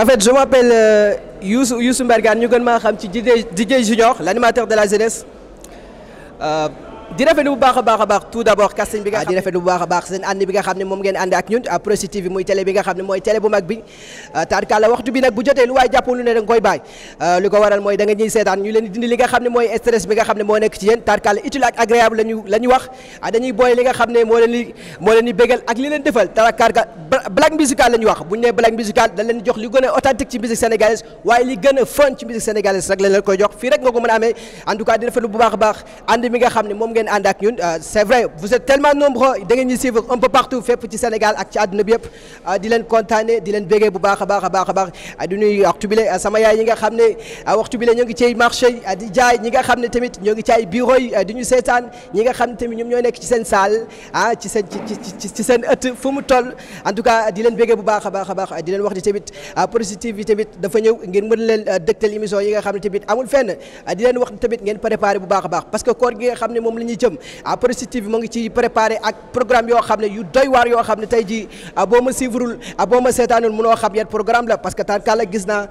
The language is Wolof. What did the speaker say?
En fait, je m'appelle euh, Youssou, Youssou Mbergane, nous DJ Junior, l'animateur de la jeunesse. Euh, di rafetlu bu baax a baax tout d'abord casting bi nga di rafetlu bu baax baax seen ànd bi nga xam ne moom ngeen ànd ak ñun Proxi TV muy télé bi nga xam ne mooy télé bu mag bi tarkala waxtu bi nag bu jotee lu waaye jàppoon lu ne da nga koy bàyyi li ko waral mooy da nga ñuy seetaan ñu leen di dindi li nga xam ne mooy stress bi nga xam ne moo nekk ci yéen tarkala utile ak agréable lañu la ñu wax dañuy booy li nga xam ne moo leen di moo leen di bégal ak li leen defal tarkala blague musicale la ñu wax bu ñu nee blague musicale dañ leen jox li gën a authentique ci musique sénégalaise waaye li gën a fun ci musique sénégalaise rek la leen koy jox fii rek nga ko mën a amee en tout cas di rafetlu bu baax a baax ànd bi nga xam ne moom ngeen ak ñun euh, c'est vrai vous êtes tellement nombreux da ngeen ñu suivre un peu partout fépp ci Sénégal ak ci aduna bi yëpp euh, di leen kontaane di leen bégee bu baaxa a baaxa baax a baax euh, di nuyu waxtu bi sama yaay yi nga xamné waxtu bi la ñu ngi ciy marché di jaay ñi nga xamné tamit ñoo ngi ci ay bureau di ñu seetaan ñi nga xamné tamit ñoom ñoy nek ci seen salle ah ci seen ci ci seen ëtt fu mu toll en tout cas di leen bégee bu baaxa baaxa baax a di leen wax di tamit positive tamit dafa ñëw ngeen mën leen dëgtal émission yi nga xamné tamit amul fenn di leen wax tamit ngeen préparer bu baaxa baax parce que koor gi nga xamné mom ñi jëm apresitif mo ngi ci préparer ak programme yo xamne yu doy war yo xamne tay ji bo ma sivrul bo ma sétanul mëno xam yeen programme la parce que tan kala gis na